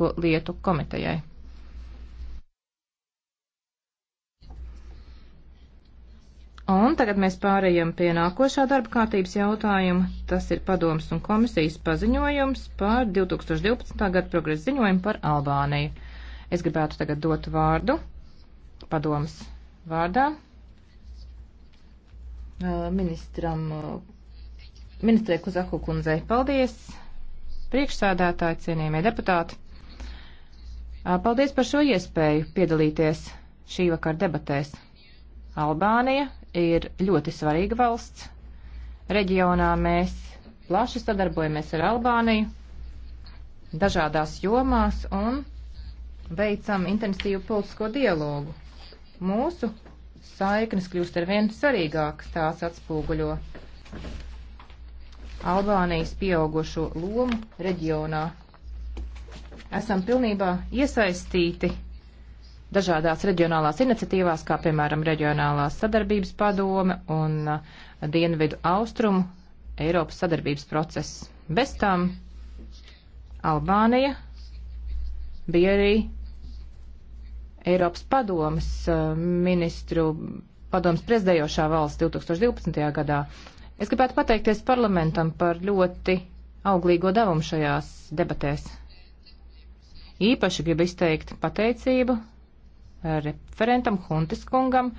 juridisko lietu komitejai. Un tagad mēs pārējām pie nākošā darba kārtības jautājuma. Tas ir padoms un komisijas paziņojums par 2012. gada progresa ziņojumu par Albāniju. Es gribētu tagad dot vārdu padomas vārdā ministram, ministrē Kuzaku kundzei. Paldies, priekšsēdētāji, cienījamie deputāti. Paldies par šo iespēju piedalīties šī vakar debatēs. Albānija ir ļoti svarīga valsts. Reģionā mēs plaši sadarbojamies ar Albāniju dažādās jomās un veicam intensīvu politisko dialogu. Mūsu saiknes kļūst ar vien svarīgākas, tās atspoguļo Albānijas pieaugušo lomu reģionā esam pilnībā iesaistīti dažādās reģionālās iniciatīvās, kā piemēram reģionālās sadarbības padome un uh, dienvidu austrumu Eiropas sadarbības process. Bez tam Albānija bija arī Eiropas padomas uh, ministru padomas prezidējošā valsts 2012. gadā. Es gribētu pateikties parlamentam par ļoti auglīgo devumu šajās debatēs. Īpaši gribu izteikt pateicību referentam Huntis kungam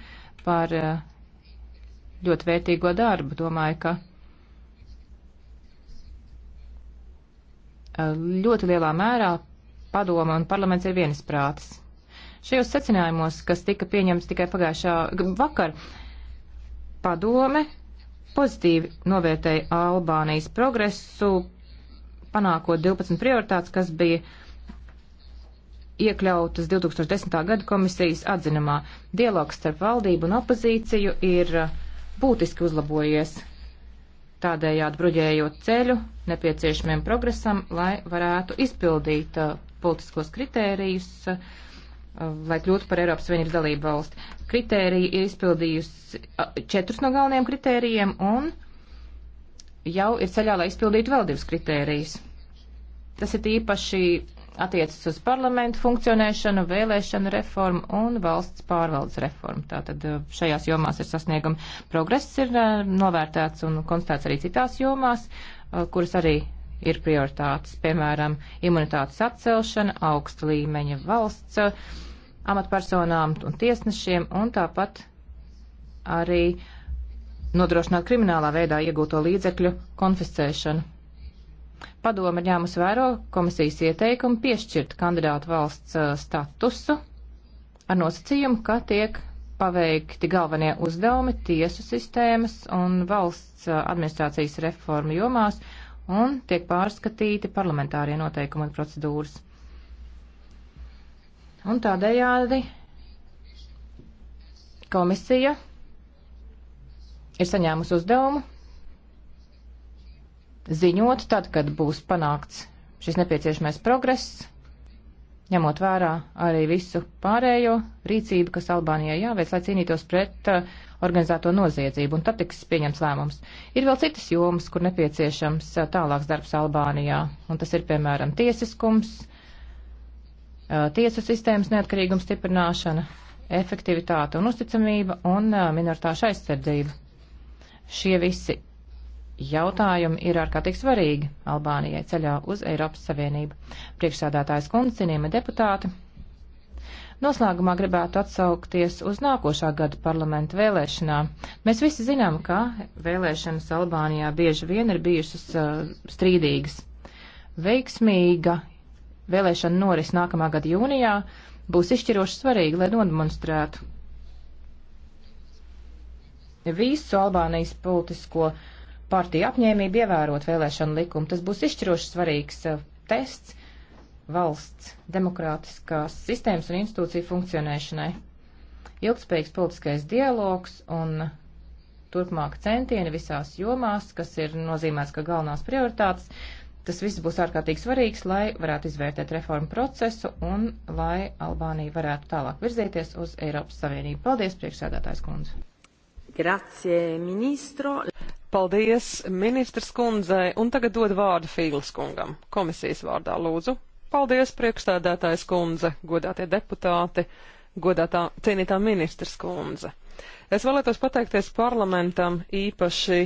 par eh, ļoti vērtīgo darbu. Domāju, ka eh, ļoti lielā mērā padoma un parlaments ir vienisprātis. Šajos secinājumos, kas tika pieņemts tikai pagājušā vakar, padome pozitīvi novērtēja Albānijas progresu, panākot 12 prioritātes, kas bija uh, iekļautas 2010. gada komisijas atzinumā. Dialogs starp valdību un opozīciju ir uh, būtiski uzlabojies, tādējādi bruģējot ceļu nepieciešamiem progresam, lai varētu izpildīt uh, politiskos kritērijus, uh, lai kļūtu par Eiropas Savienības dalību valsti. Kritērija ir izpildījusi uh, četrus no galvenajiem kritērijiem un jau ir ceļā, lai izpildītu vēl divus kritērijus. Tas ir īpaši attiecas uz parlamentu funkcionēšanu, vēlēšanu reformu un valsts pārvaldes reformu. Tātad uh, šajās jomās ir sasniegumi. Progress ir uh, novērtēts un konstatēts arī citās jomās, uh, kuras arī ir prioritātes, piemēram, imunitātes atcelšana, augsta līmeņa valsts amatpersonām un tiesnešiem, un tāpat arī nodrošināt kriminālā veidā iegūto līdzekļu konfiscēšanu. Padoma ņēmus vēro komisijas ieteikumu piešķirt kandidātu valsts uh, statusu ar nosacījumu, ka tiek paveikti galvenie uzdevumi tiesu sistēmas un valsts uh, administrācijas reformu jomās un tiek pārskatīti parlamentārie noteikumi un procedūras. Un tādējādi komisija ir saņēmusi uzdevumu ziņot tad, kad būs panākts šis nepieciešamais progress, ņemot vērā arī visu pārējo rīcību, kas Albānijai jāveic, lai cīnītos pret uh, organizēto noziedzību, un tad tiks pieņems lēmums. Ir vēl citas jomas, kur nepieciešams uh, tālāks darbs Albānijā, un tas ir, piemēram, tiesiskums, uh, tiesu sistēmas neatkarīgums stiprināšana, efektivitāte un uzticamība un uh, minoritāšu aizsardzība. Šie visi jautājumi ir ārkārtīgi svarīgi Albānijai ceļā uz Eiropas Savienību. Priekšsādātājs kundze, cienījami deputāti. Noslēgumā gribētu atsaukties uz nākošā gada parlamenta vēlēšanām. Mēs visi zinām, ka vēlēšanas Albānijā bieži vien ir bijušas uh, strīdīgas. Veiksmīga vēlēšana noris nākamā gada jūnijā būs izšķiroši svarīga, lai nodemonstrētu visu Albānijas politisko uh, partiju apņēmību ievērot vēlēšanu likumu. Tas būs izšķiroši svarīgs eh, tests valsts demokrātiskās sistēmas un institūciju funkcionēšanai. Ilgspējīgs politiskais dialogs un turpmāk centieni visās jomās, kas ir nozīmēts kā galvenās prioritātes, tas viss būs ārkārtīgi svarīgs, lai varētu izvērtēt reformu procesu un lai Albānija varētu tālāk virzīties uz Eiropas Savienību. Paldies, priekšsēdētājs kundze! Grazie, ministro! Paldies ministrs kundzei, un tagad dod vārdu Fīglas kungam. Komisijas vārdā lūdzu. Paldies, priekšstādātājs kundze, godātie deputāti, godātā cienītā ministrs kundze. Es vēlētos pateikties parlamentam īpaši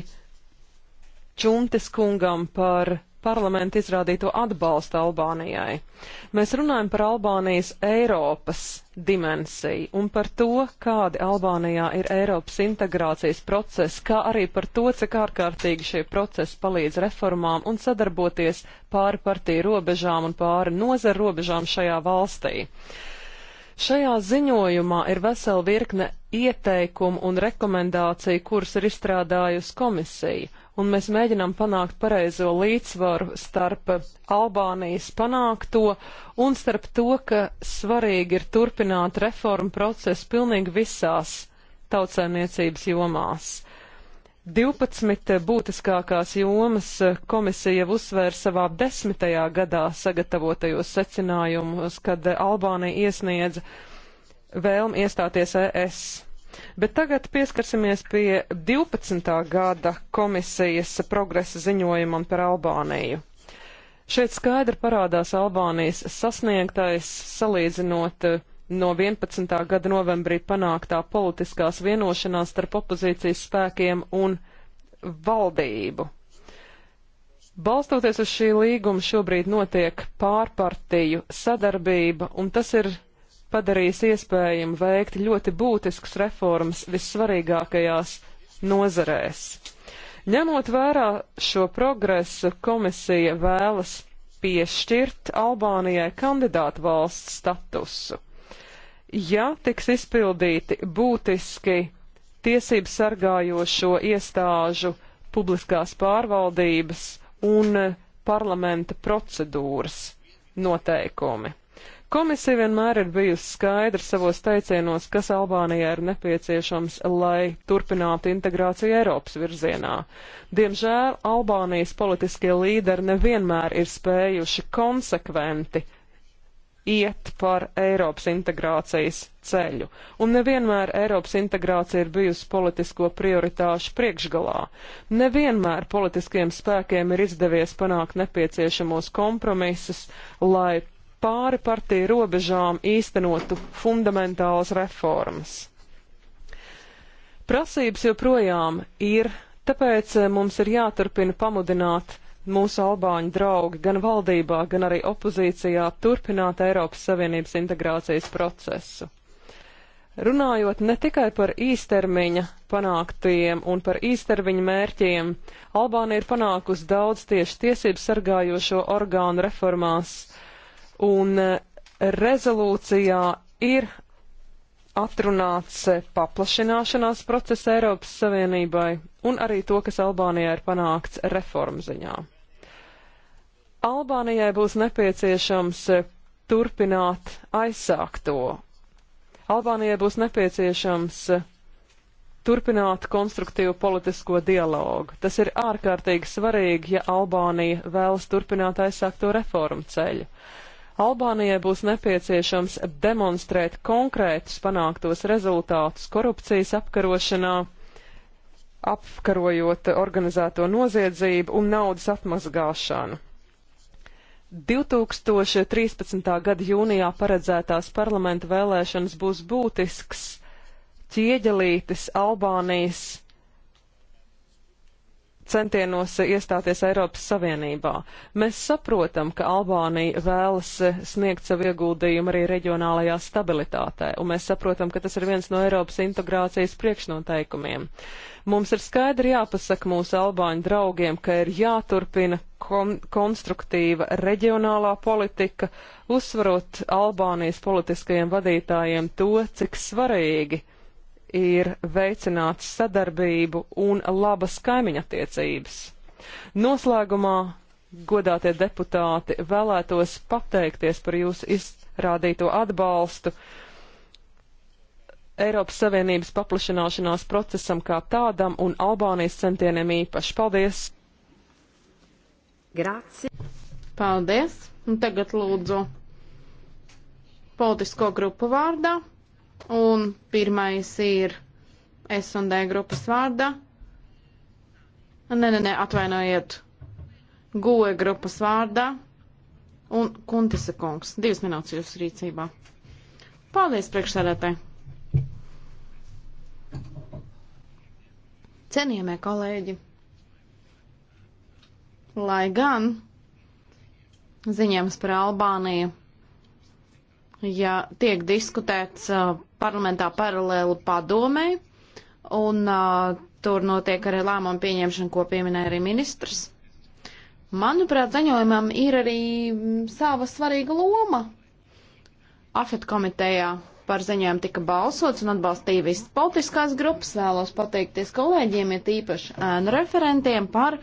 Čuntis kungam par parlamentu izrādīto atbalstu Albānijai. Mēs runājam par Albānijas Eiropas dimensiju un par to, kādi Albānijā ir Eiropas integrācijas procesi, kā arī par to, cik ārkārtīgi šie procesi palīdz reformām un sadarboties pāri partiju robežām un pāri nozaru robežām šajā valstī. Šajā ziņojumā ir vesela virkne ieteikumu un rekomendāciju, kuras ir izstrādājusi komisija, un mēs mēģinām panākt pareizo līdzsvaru starp Albānijas panākto un starp to, ka svarīgi ir turpināt reformu procesu pilnīgi visās tautsēmniecības jomās. 12 būtiskākās jomas komisija jau uzsvēra savā desmitajā gadā sagatavotajos secinājumus, kad Albānija iesniedza vēlmi iestāties ES. Bet tagad pieskarsimies pie 12. gada komisijas progresa ziņojumam par Albāniju. Šeit skaidri parādās Albānijas sasniegtais, salīdzinot eh, no 11. gada novembrī panāktā politiskās vienošanās starp opozīcijas spēkiem un valdību. Balstoties uz šī līguma, šobrīd notiek pārpartiju sadarbība, un tas ir padarījis iespējumu veikt ļoti būtiskas reformas vissvarīgākajās nozarēs. Ņemot vērā šo progresu, komisija vēlas piešķirt Albānijai kandidātu valsts statusu. Ja tiks izpildīti būtiski tiesību sargājošo iestāžu publiskās pārvaldības un parlamenta procedūras noteikumi. Komisija vienmēr ir bijusi skaidra savos teicienos, kas Albānijai ir nepieciešams, lai turpinātu integrāciju Eiropas virzienā. Diemžēl Albānijas politiskie līderi nevienmēr ir spējuši konsekventi iet par Eiropas integrācijas ceļu, un nevienmēr Eiropas integrācija ir bijusi politisko prioritāšu priekšgalā. Nevienmēr politiskiem spēkiem ir izdevies panākt nepieciešamos kompromisus, lai pāri partiju robežām īstenotu fundamentālas reformas. Prasības joprojām ir, tāpēc eh, mums ir jāturpina pamudināt mūsu albāņu draugi gan valdībā, gan arī opozīcijā turpināt Eiropas Savienības integrācijas procesu. Runājot ne tikai par īstermiņa panāktiem un par īstermiņa mērķiem, Albānija ir panākusi daudz tieši tiesību sargājošo orgānu reformās, Un eh, rezolūcijā ir atrunāts eh, paplašināšanās process Eiropas Savienībai un arī to, kas Albānijā ir panākts reformu ziņā. Albānijai būs nepieciešams eh, turpināt aizsākto. Albānijai būs nepieciešams turpināt konstruktīvu politisko dialogu. Tas ir ārkārtīgi svarīgi, ja Albānija vēlas turpināt aizsākto reformu ceļu. Albānijai būs nepieciešams demonstrēt konkrētus panāktos rezultātus korupcijas apkarošanā, apkarojot organizēto noziedzību un naudas atmazgāšanu. 2013. gada jūnijā paredzētās parlamenta vēlēšanas būs būtisks ķieģelītis Albānijas centienos iestāties Eiropas Savienībā. Mēs saprotam, ka Albānija vēlas sniegt savu ieguldījumu arī reģionālajā stabilitātē, un mēs saprotam, ka tas ir viens no Eiropas integrācijas priekšnoteikumiem. Mums ir skaidri jāpasaka mūsu albāņu draugiem, ka ir jāturpina kon konstruktīva reģionālā politika, uzsvarot Albānijas politiskajiem vadītājiem to, cik svarīgi ir veicināt sadarbību un labas kaimiņattiecības. Noslēgumā, godātie deputāti, vēlētos pateikties par jūsu izrādīto atbalstu Eiropas Savienības paplašināšanās procesam kā tādam un Albānijas centieniem īpaši. Paldies! Grāci! Paldies! Un tagad lūdzu politisko grupu vārdā Un pirmais ir S&D grupas vārda. Nē, nē, nē, atvainojiet. GUE grupas vārdā. Un Kuntisa kungs, divas minūtes jūsu rīcībā. Paldies, priekšsēdētāji! Cienījamie kolēģi, lai gan ziņojums par Albāniju ja tiek diskutēts parlamentā paralēli padomē, un tur notiek arī lēmuma pieņemšana, ko pieminēja arī ministrs. Manuprāt, ziņojumam ir arī sava svarīga loma. Afet komitejā par ziņojumu tika balsots un atbalstīja visas politiskās grupas. Vēlos pateikties kolēģiem, ir ja tīpaši ēnu referentiem par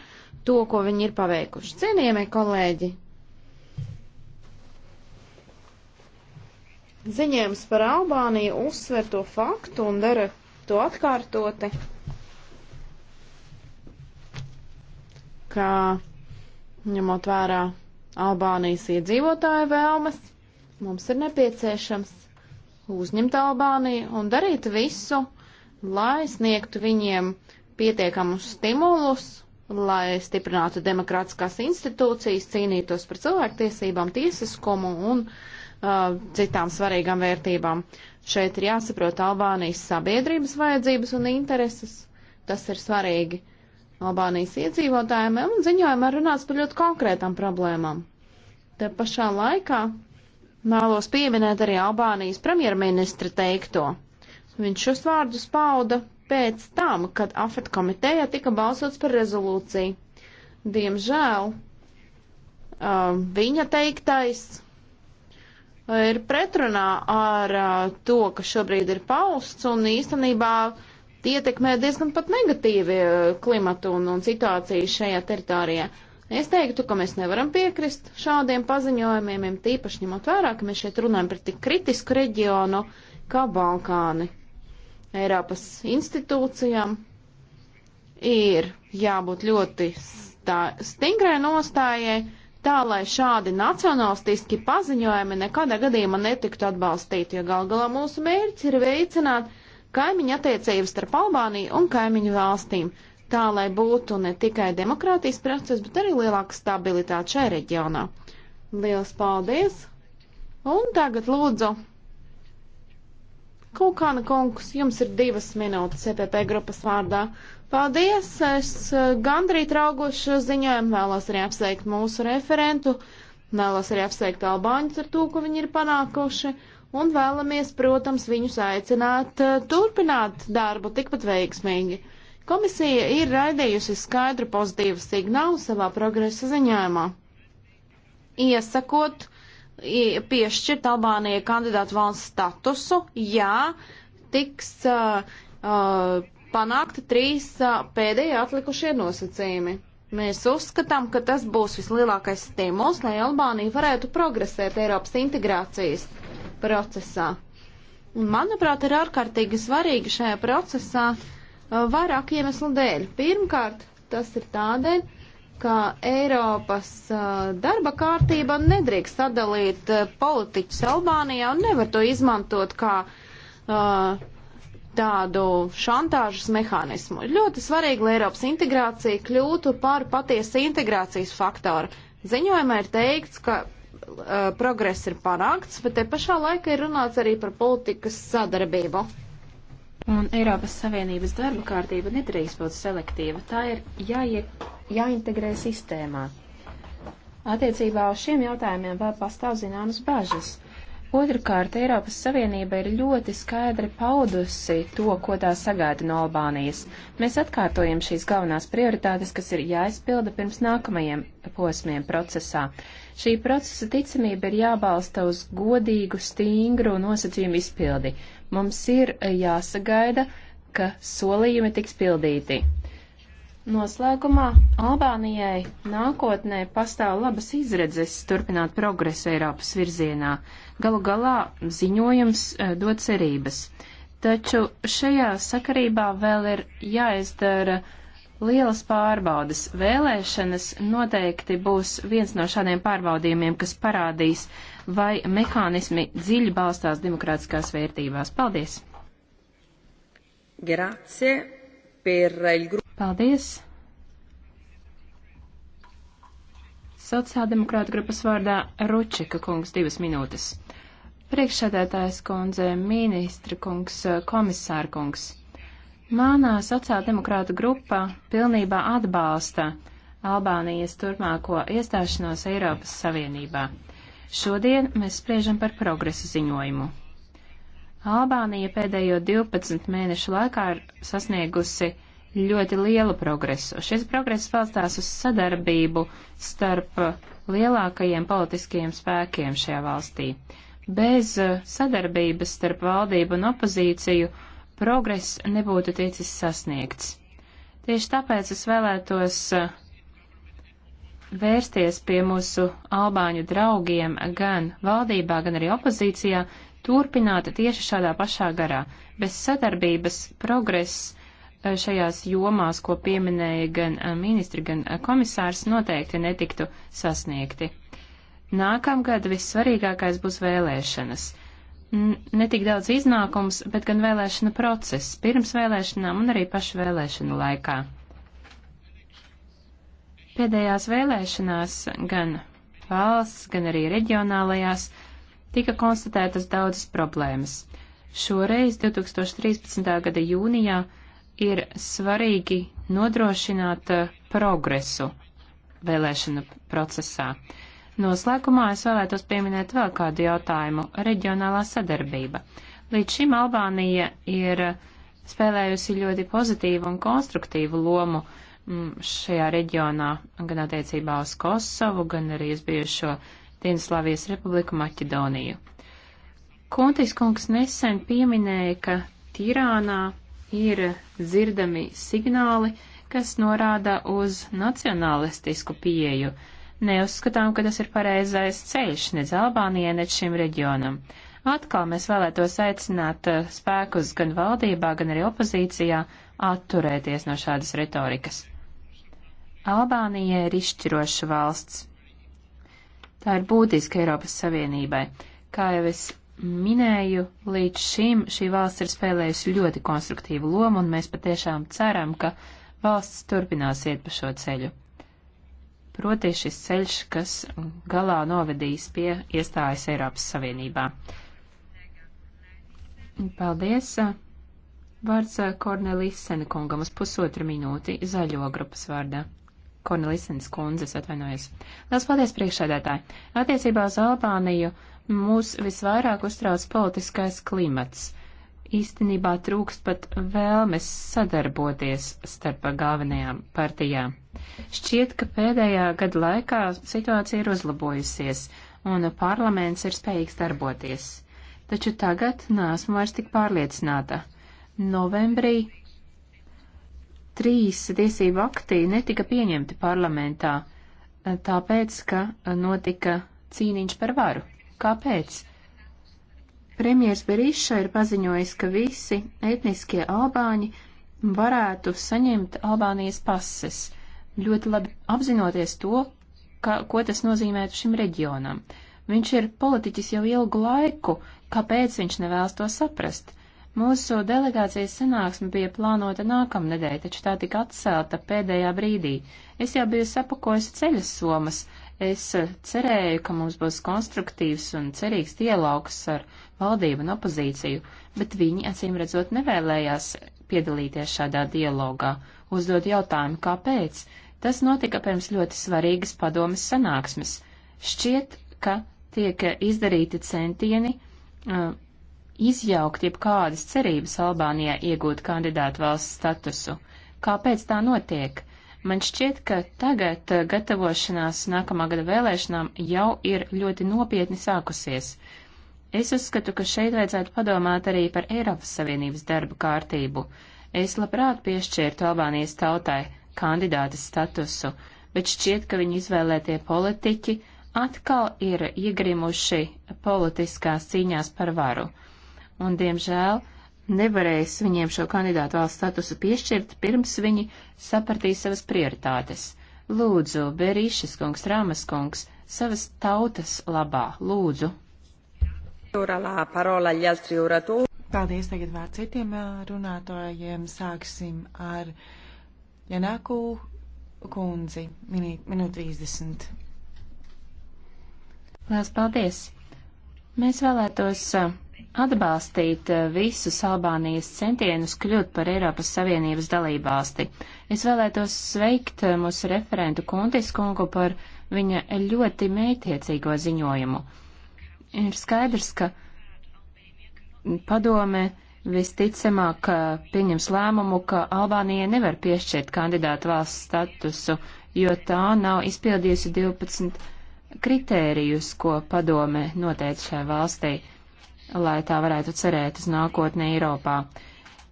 to, ko viņi ir paveikuši. Cienījamie kolēģi, ziņojums par Albāniju uzsver to faktu un dara to atkārtoti, ka ņemot vērā Albānijas iedzīvotāju vēlmes, mums ir nepieciešams uzņemt Albāniju un darīt visu, lai sniegtu viņiem pietiekamus stimulus, lai stiprinātu demokrātiskās institūcijas, cīnītos par cilvēktiesībām, tiesiskumu un uh, uh, citām svarīgām vērtībām. Šeit ir jāsaprot Albānijas sabiedrības vajadzības un intereses. Tas ir svarīgi Albānijas iedzīvotājiem, un ziņojumā runāts par ļoti konkrētām problēmām. Te pašā laikā vēlos pieminēt arī Albānijas premjerministra teikto. Viņš šos vārdus pauda pēc tam, kad AFET komitejā tika balsots par rezolūciju. Diemžēl uh, viņa teiktais ir pretrunā ar to, kas šobrīd ir pausts, un īstenībā tie ietekmē diezgan pat negatīvi klimatu un, un situāciju šajā teritorijā. Es teiktu, ka mēs nevaram piekrist šādiem paziņojumiem, tīpaši ņemot vērā, ka mēs šeit runājam par tik kritisku reģionu kā Balkāni. Eiropas institūcijām ir jābūt ļoti stingrai nostājai tā lai šādi nacionalistiski paziņojumi nekādā gadījumā netiktu atbalstīti, jo gal galā mūsu mērķis ir veicināt kaimiņu attiecības starp Albāniju un kaimiņu valstīm, tā lai būtu ne tikai demokrātijas process, bet arī lielāka stabilitāte šajā reģionā. Lielas paldies! Un tagad lūdzu, Kukāna kungs, jums ir divas minūtes CPP e grupas vārdā. Uh, Paldies! Es eh, gandrīz raugos šo ziņojumu, vēlos arī apsveikt mūsu referentu, vēlos arī apsveikt Albāņus ar to, ko viņi ir panākuši, un vēlamies, protams, viņus aicināt eh, turpināt darbu tikpat veiksmīgi. Komisija ir raidījusi skaidru pozitīvu signālu savā progresa ziņojumā, iesakot piešķirt Albānijai kandidātu valsts statusu, jā, tiks uh, uh, panākti trīs pēdējie atlikušie nosacījumi. Mēs uzskatām, ka tas būs vislielākais stimuls, lai Albānija varētu progresēt Eiropas integrācijas procesā. Un, manuprāt, ir ārkārtīgi svarīgi šajā procesā vairāk iemeslu dēļ. Pirmkārt, tas ir tādēļ, ka Eiropas darba kārtība nedrīkst sadalīt politiķus Albānijā un nevar to izmantot kā uh, tādu šantāžas mehānismu. Ir ļoti svarīgi, lai Eiropas integrācija kļūtu par patiesu integrācijas faktoru. Ziņojumā ir teikts, ka uh, progress ir panākts, bet te pašā laikā ir runāts arī par politikas sadarbību. Un Eiropas Savienības darba kārtība nedrīkst būt selektīva. Tā ir jāie, jāintegrē sistēmā. Attiecībā uz šiem jautājumiem vēl pastāv zināmas bažas. Otrkārt, Eiropas Savienība ir ļoti skaidri paudusi to, ko tā sagaida no Albānijas. Mēs atkārtojam šīs galvenās prioritātes, kas ir jāizpilda pirms nākamajiem posmiem procesā. Šī procesa ticamība ir jābalsta uz godīgu, stingru nosacījumu izpildi. Mums ir jāsagaida, ka solījumi tiks pildīti. Noslēgumā Albānijai nākotnē pastāv labas izredzes turpināt progresu Eiropas virzienā. Galu galā ziņojums eh, dod cerības. Taču šajā sakarībā vēl ir jāizdara lielas pārbaudas. Vēlēšanas noteikti būs viens no šādiem pārbaudījumiem, kas parādīs, vai mehānismi dziļi balstās demokrātiskās vērtībās. Paldies! Grazie per il gruppo. Paldies! Sociāldemokrāta grupas vārdā Ručika kungs divas minūtes. Priekšsēdētājs kundze, ministra kungs, komisāra kungs. Mānā sociāldemokrāta grupa pilnībā atbalsta Albānijas turpmāko iestāšanos Eiropas Savienībā. Šodien mēs spriežam par progresa ziņojumu. Albānija pēdējo 12 mēnešu laikā ir sasniegusi ļoti lielu progresu. Šis progress valstās uz sadarbību starp uh, lielākajiem politiskajiem spēkiem šajā valstī. Bez uh, sadarbības starp valdību un opozīciju progress nebūtu ticis sasniegts. Tieši tāpēc es vēlētos uh, vērsties pie mūsu albāņu draugiem gan valdībā, gan arī opozīcijā, turpināt tieši šādā pašā garā. Bez sadarbības progress šajās jomās, ko pieminēja gan eh, ministri, gan eh, komisārs, noteikti netiktu sasniegti. Nākamgad vissvarīgākais būs vēlēšanas. Ne tik daudz iznākums, bet gan vēlēšana process pirms vēlēšanām un arī pašu vēlēšanu laikā. Pēdējās vēlēšanās gan valsts, gan arī reģionālajās tika konstatētas daudzas problēmas. Šoreiz, 2013. gada jūnijā, ir svarīgi nodrošināt eh, progresu vēlēšanu procesā. Noslēgumā es vēlētos pieminēt vēl kādu jautājumu - reģionālā sadarbība. Līdz šim Albānija ir spēlējusi ļoti pozitīvu un konstruktīvu lomu mm, šajā reģionā, gan attiecībā uz Kosovu, gan arī uz bijušo Dienaslavijas republiku Maķedoniju. Kontis kungs nesen pieminēja, ka Tirānā ir dzirdami signāli, kas norāda uz nacionalistisku pieju. Neuzskatām, ka tas ir pareizais ceļš nec Albānijai, nec šim reģionam. Atkal mēs vēlētos aicināt eh, spēkus gan valdībā, gan arī opozīcijā atturēties no šādas retorikas. Albānija ir izšķiroša valsts. Tā ir būtiska Eiropas Savienībai. Kā jau es minēju, līdz šim šī valsts ir spēlējusi ļoti konstruktīvu lomu, un mēs patiešām ceram, ka valsts turpinās iet pa šo ceļu. Proti šis ceļš, kas galā novedīs pie iestājas Eiropas Savienībā. Paldies! Vārds eh, Kornelisena kungam uz pusotra minūti zaļo grupas vārdā. Kornelisens kundzes atvainojas. Lielas paldies priekšsēdētāji! Attiecībā uz Albāniju mūs visvairāk uztrauc politiskais klimats. Īstenībā trūkst pat vēlmes sadarboties starp galvenajām partijām. Šķiet, ka pēdējā gada laikā situācija ir uzlabojusies un parlaments ir spējīgs darboties. Taču tagad nāsmu vairs tik pārliecināta. Novembrī trīs tiesību aktī netika pieņemti parlamentā, tāpēc, ka notika cīniņš par varu. Kāpēc? Premjers Berisha ir paziņojis, ka visi etniskie albāņi varētu saņemt Albānijas pases, ļoti labi apzinoties to, ka, ko tas nozīmētu šim reģionam. Viņš ir politiķis jau ilgu laiku, kāpēc viņš nevēlas to saprast? Mūsu delegācijas sanāksme bija plānota nākamnedēļ, taču tā tika atcelta pēdējā brīdī. Es jau biju sapakojusi ceļas somas, Es eh, cerēju, ka mums būs konstruktīvs un cerīgs dialogs ar valdību un opozīciju, bet viņi acīm redzot nevēlējās piedalīties šādā dialogā, uzdod jautājumu, kāpēc. Tas notika pirms ļoti svarīgas padomas sanāksmes. Šķiet, ka tiek izdarīti centieni uh, izjaukt jebkādas cerības Albānijā iegūt kandidātu valsts statusu. Kāpēc tā notiek? Man šķiet, ka tagad eh, gatavošanās nākamā gada vēlēšanām jau ir ļoti nopietni sākusies. Es uzskatu, ka šeit vajadzētu padomāt arī par Eiropas Savienības darba kārtību. Es labprāt piešķirtu Albānijas tautai kandidātas statusu, bet šķiet, ka viņu izvēlētie politiķi atkal ir iegrimuši politiskās cīņās par varu. Un, diemžēl, nevarēs viņiem šo kandidātu valsts statusu piešķirt, pirms viņi sapratīs savas prioritātes. Lūdzu, Berīšas kungs, Rāmas kungs, savas tautas labā, lūdzu. Paldies, tagad vārds citiem runātājiem. Sāksim ar Janāku kundzi, minūte 30. Lielas paldies! Mēs vēlētos uh, atbalstīt eh, visus Albānijas centienus kļūt par Eiropas Savienības dalībvalsti. Es vēlētos sveikt eh, mūsu referentu Kuntis kungu par viņa ļoti mētiecīgo ziņojumu. Ir skaidrs, ka padome visticamāk eh, pieņems lēmumu, ka Albānija nevar piešķirt kandidātu valsts statusu, jo tā nav izpildījusi 12 kritērijus, ko padome noteica šai valstī lai tā varētu cerēt uz nākotni Eiropā.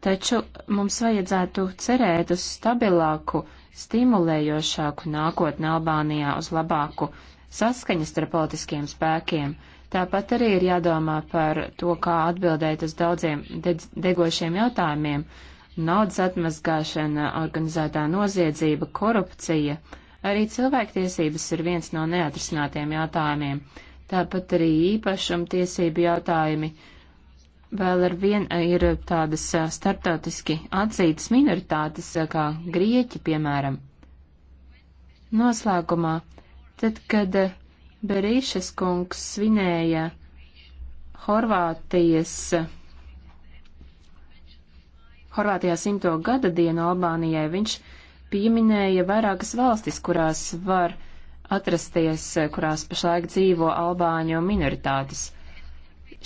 Taču mums vajadzētu cerēt uz stabilāku, stimulējošāku nākotni Albānijā, uz labāku saskaņas starp politiskiem spēkiem. Tāpat arī ir jādomā par to, kā atbildēt uz daudziem degošiem jautājumiem - naudas atmazgāšana, organizētā noziedzība, korupcija. Arī cilvēktiesības ir viens no neatrisinātiem jautājumiem tāpat arī īpašumtiesību jautājumi vēl ar vien ir tādas startautiski atzītas minoritātes, kā grieķi, piemēram. Noslēgumā, tad, kad Berīšas kungs svinēja Horvātijas, Horvātijā simto gada dienu Albānijai, viņš pieminēja vairākas valstis, kurās var uh, atrasties, eh, kurās pašlaik dzīvo albāņu minoritātes.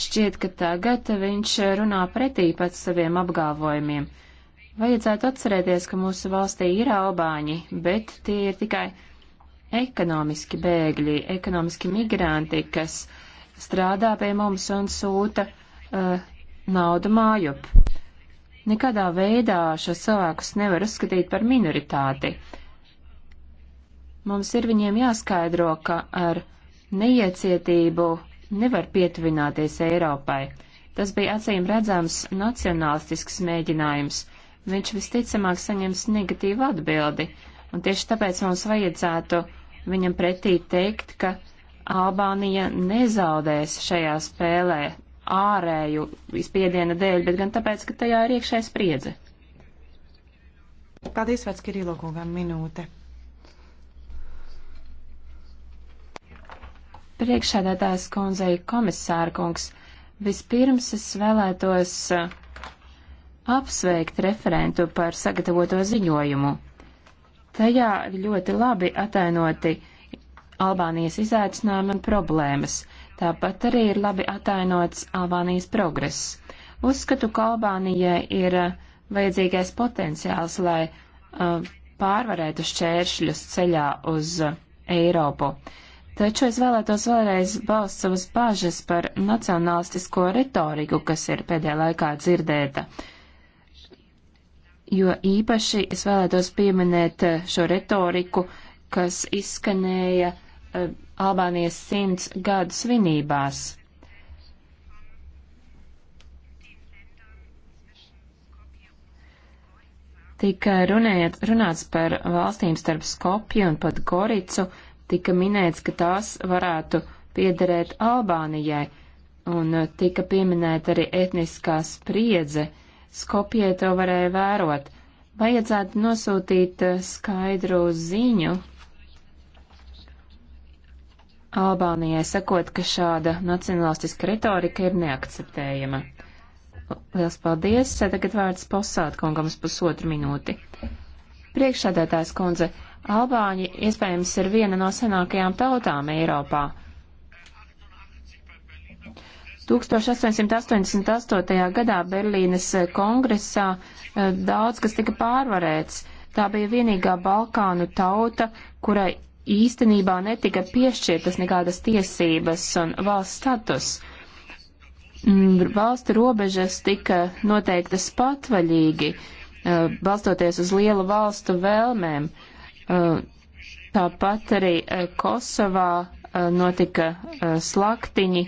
Šķiet, ka tagad viņš eh, runā pretī pats saviem apgāvojumiem. Vajadzētu atcerēties, ka mūsu valstī ir albāņi, bet tie ir tikai ekonomiski bēgļi, ekonomiski migranti, kas strādā pie mums un sūta uh, naudu mājup. Nekādā veidā šos cilvēkus nevar uzskatīt par minoritāti. Uh, Mums ir viņiem jāskaidro, ka ar neiecietību nevar pietuvināties Eiropai. Tas bija acīm redzams nacionālistisks mēģinājums. Viņš visticamāk saņems negatīvu atbildi, un tieši tāpēc mums vajadzētu viņam pretī teikt, ka Albānija nezaudēs šajā spēlē ārēju spiediena dēļ, bet gan tāpēc, ka tajā ir iekšēja spriedze. Paldies, Vats Kirilo kungam, minūte. Priekšādātājs kundzei komisāra kungs, vispirms es vēlētos uh, apsveikt referentu par sagatavoto ziņojumu. Tajā ļoti labi atainoti Albānijas izaicinājumi un problēmas, tāpat arī ir labi atainots Albānijas progress. Uzskatu, ka Albānijai ir uh, vajadzīgais potenciāls, lai uh, pārvarētu šķēršļus ceļā uz uh, Eiropu. Uh, Taču es vēlētos vēlreiz balst savas bāžas par nacionālistisko retoriku, kas ir pēdējā laikā dzirdēta. Jo īpaši es vēlētos pieminēt eh, šo retoriku, kas izskanēja uh, Albānijas simts gadu svinībās. Tika runēt, runāts par valstīm starp Skopju un pat Goricu, uh, tika minēts, ka tās varētu piederēt Albānijai, un tika pieminēta arī etniskā spriedze. Skopie to varēja vērot. Vajadzētu nosūtīt eh, skaidru ziņu Albānijai, sakot, ka šāda nacionalistiska retorika ir neakceptējama. Liels paldies! Tagad vārds posāt kungam uz pusotru minūti. Priekšādētājs kundze. Albāņi iespējams ir viena no senākajām tautām Eiropā. 1888. gadā Berlīnes eh, kongresā eh, daudz kas tika pārvarēts. Tā bija vienīgā Balkānu tauta, kurai īstenībā netika piešķirtas nekādas tiesības un valsts status. Mm, valstu robežas tika noteiktas patvaļīgi, eh, balstoties uz lielu valstu vēlmēm. Eh, tāpat arī eh, Kosovā eh, notika slaktiņi.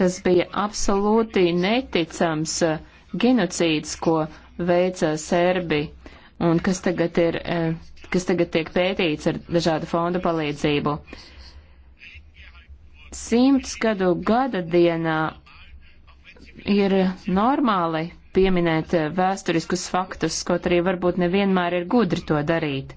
Tas bija absolūti neticams genocīds, ko veica Serbi un kas tagad, ir, kas tagad tiek pētīts ar dažādu fondu palīdzību. Simts gadu gada dienā ir normāli pieminēt eh, vēsturiskus faktus, kaut arī varbūt nevienmēr ir gudri to darīt.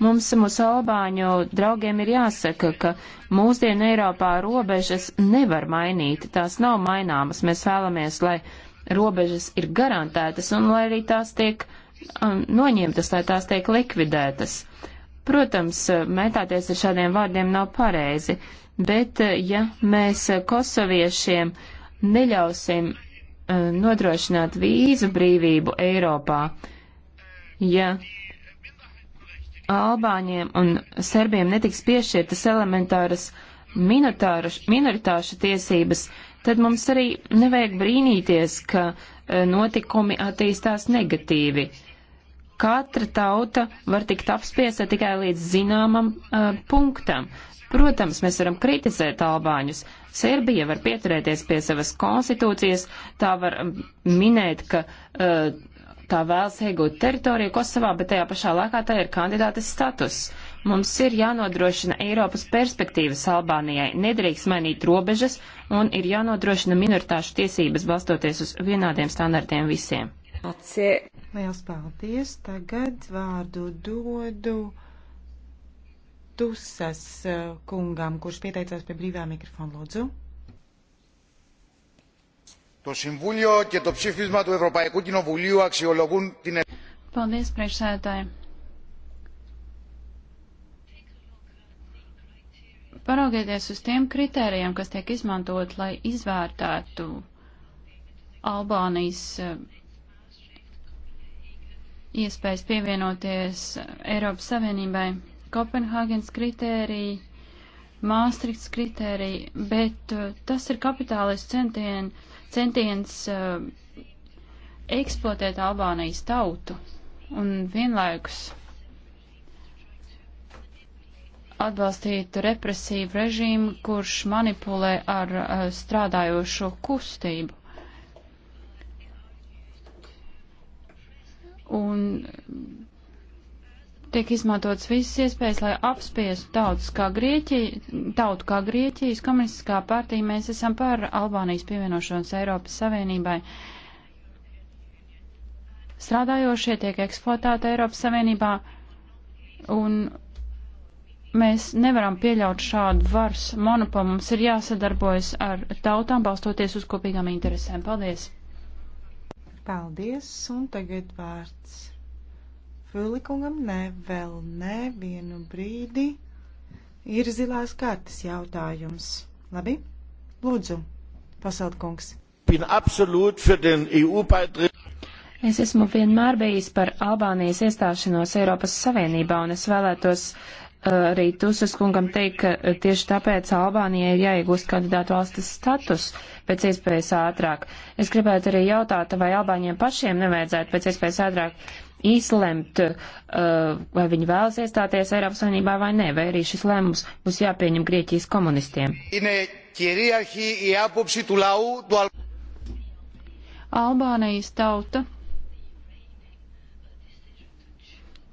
Mums, mūsu albāņu draugiem, ir jāsaka, ka mūsdienu Eiropā robežas nevar mainīt, tās nav maināmas. Mēs vēlamies, lai robežas ir garantētas un lai arī tās tiek um, noņemtas, lai tās tiek likvidētas. Protams, metāties ar šādiem vārdiem nav pareizi, bet eh, ja mēs eh, kosoviešiem neļausim Uh, nodrošināt vīzu brīvību Eiropā, ja Albāņiem un Serbiem netiks piešķirtas elementāras minoritāšu tiesības, tad mums arī nevajag brīnīties, ka uh, notikumi attīstās negatīvi. Katra tauta var tikt apspiesta tikai līdz zināmam uh, punktam. Uh, Protams, mēs varam kritizēt Albāņus. Serbija var pieturēties pie savas konstitūcijas, tā var um, minēt, ka uh, tā vēlas iegūt teritoriju Kosovā, bet tajā pašā laikā tā ir kandidātes status. Mums ir jānodrošina Eiropas perspektīvas Albānijai, nedrīkst mainīt robežas un ir jānodrošina minoritāšu tiesības balstoties uz vienādiem standartiem visiem. Atsie. Liels paldies! Tagad vārdu dodu Tusas eh, kungam, kurš pieteicās pie brīvā mikrofona lūdzu. Το Συμβούλιο και το ψήφισμα του Ευρωπαϊκού Κοινοβουλίου αξιολογούν την Paldies, priekšsēdētāji. Paraugieties uz tiem kritērijiem, kas tiek izmantot, lai izvērtētu Albānijas eh, iespējas pievienoties Eiropas Savienībai. Kopenhāgens kritērija, Māstrikts kritērija, bet uh, tas ir kapitālais centien, centiens uh, eksploatēt Albānijas tautu un vienlaikus atbalstītu represīvu režīmu, kurš manipulē ar uh, strādājošo kustību. Un tiek izmantotas visas iespējas, lai apspiestu tautas kā Grieķija, tautu kā Grieķijas komunistiskā partija. Mēs esam par Albānijas pievienošanos Eiropas Savienībai. Strādājošie tiek eksploatēti Eiropas Savienībā, un mēs nevaram pieļaut šādu varas monopolu. Mums ir jāsadarbojas ar tautām, balstoties uz kopīgām interesēm. Paldies! Paldies, un tagad vārds Fulikungam nē, vēl nē, vienu brīdi. Ir zilās kartes jautājums. Labi? Lūdzu, pasaldkungs. Bin absolūti für den EU-beitritt. Es esmu vienmēr bijis par Albānijas iestāšanos Eiropas Savienībā, un es vēlētos uh, arī Tusas kungam teikt, ka uh, tieši tāpēc Albānijai ir jāiegūst kandidātu valstis status pēc iespējas ātrāk. Es gribētu arī jautāt, vai Albāņiem pašiem nevajadzētu pēc iespējas ātrāk izlemt, uh, vai viņi vēlas iestāties Eiropas Savienībā vai nē, vai arī šis lēmums būs jāpieņem Grieķijas komunistiem. Albānijas tauta.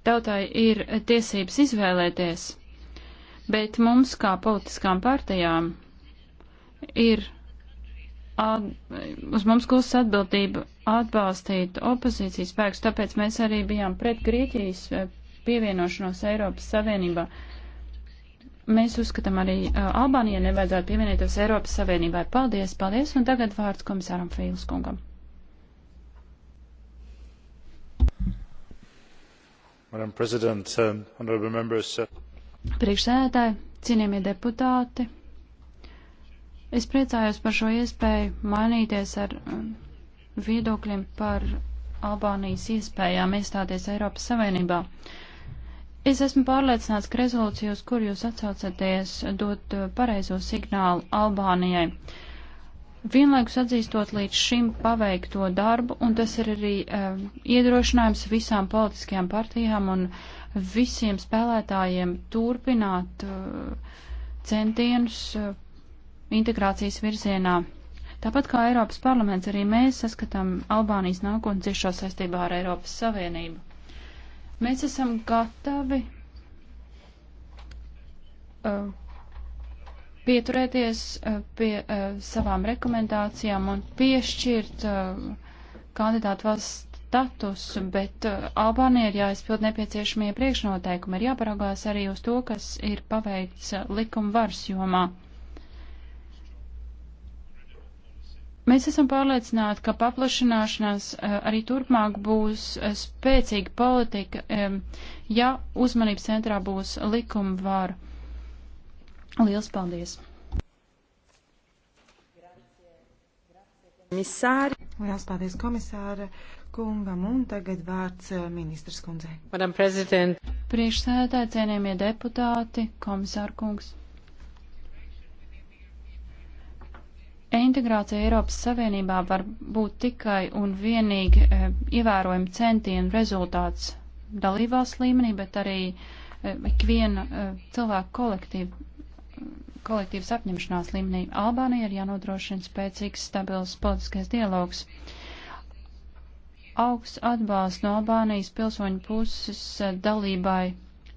Tautai ir tiesības izvēlēties, bet mums kā politiskām partijām ir at, uz mums klūst atbildība atbalstīt opozīcijas spēkus, tāpēc mēs arī bijām pret Grieķijas eh, pievienošanos Eiropas Savienībā. Mēs uzskatām arī uh, Albānijai nevajadzētu pievienoties Eiropas Savienībai. Paldies, paldies, un tagad vārds komisāram Fīls kungam. Madam President, um, honorable members. Uh... Priekšsēdētāji, cienījamie deputāti, Es priecājos par šo iespēju mainīties ar um, viedokļiem par Albānijas iespējām iestāties Eiropas Savienībā. Es esmu pārliecināts, ka rezolūcija, uz kur jūs atsaucaties, dod uh, pareizo signālu Albānijai. Vienlaikus atzīstot līdz šim paveikto darbu, un tas ir arī uh, iedrošinājums visām politiskajām partijām un visiem spēlētājiem turpināt uh, centienus uh, integrācijas virzienā. Tāpat kā Eiropas parlaments, arī mēs saskatām Albānijas nākotni ciešā saistībā ar Eiropas Savienību. Mēs esam gatavi uh, pieturēties uh, pie uh, savām rekomendācijām un piešķirt uh, kandidātu valsts statusu, bet uh, Albānija ir jāizpild nepieciešamie priekšnoteikumi, ir jāparaugās arī uz to, kas ir paveikts uh, likuma varas jomā. Mēs esam pārliecināti, ka paplašināšanās eh, arī turpmāk būs eh, spēcīga politika, ja uzmanības centrā būs likuma vāra. Liels paldies! Komisāri. Liels paldies komisāra kungam un tagad vārds eh, ministras kundzei. Madam President. Priekšsēdētāji, cienījamie deputāti, komisāra kungs. Integrācija Eiropas Savienībā var būt tikai un vienīgi e, ievērojami centienu rezultāts dalībās līmenī, bet arī e, eh, ikviena e, eh, cilvēka kolektīva, kolektīvas apņemšanās līmenī. Albānija ir jānodrošina spēcīgs, stabils politiskais dialogs. Augsts atbalsts no Albānijas pilsoņu puses dalībai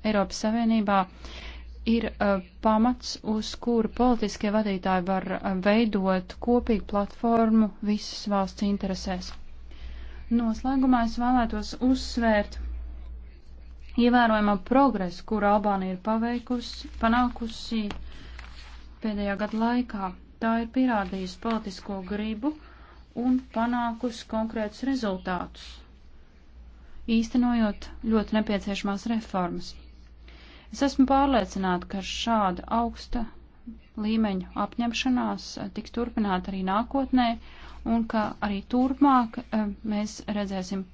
Eiropas Savienībā. E, ir uh, pamats, uz kura politiskie vadītāji var uh, veidot kopīgu platformu visas valsts interesēs. Noslēgumā es vēlētos uzsvērt ievērojamo progresu, kuru Albānija ir paveikusi, panākusi pēdējā gada laikā. Tā ir pierādījusi politisko gribu un panākusi konkrētus rezultātus, īstenojot ļoti nepieciešamās reformas. Es esmu pārliecināta, ka šāda augsta līmeņu apņemšanās eh, tiks turpināta arī nākotnē un ka arī turpmāk eh, mēs redzēsim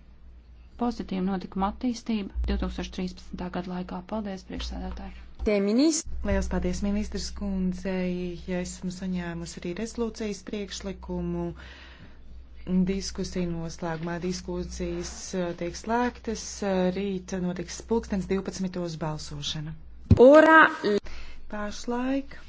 pozitīvu notikumu attīstību 2013. gada laikā. Paldies, priekšsēdētāji! Lielas paldies, ministrs kundzei! Ja esmu saņēmusi arī rezolūcijas priekšlikumu diskusiju noslēgumā. Diskusijas eh, tiek slēgtas. Eh, rīt notiks pulkstens 12. balsošana. Ora. Pašlaik.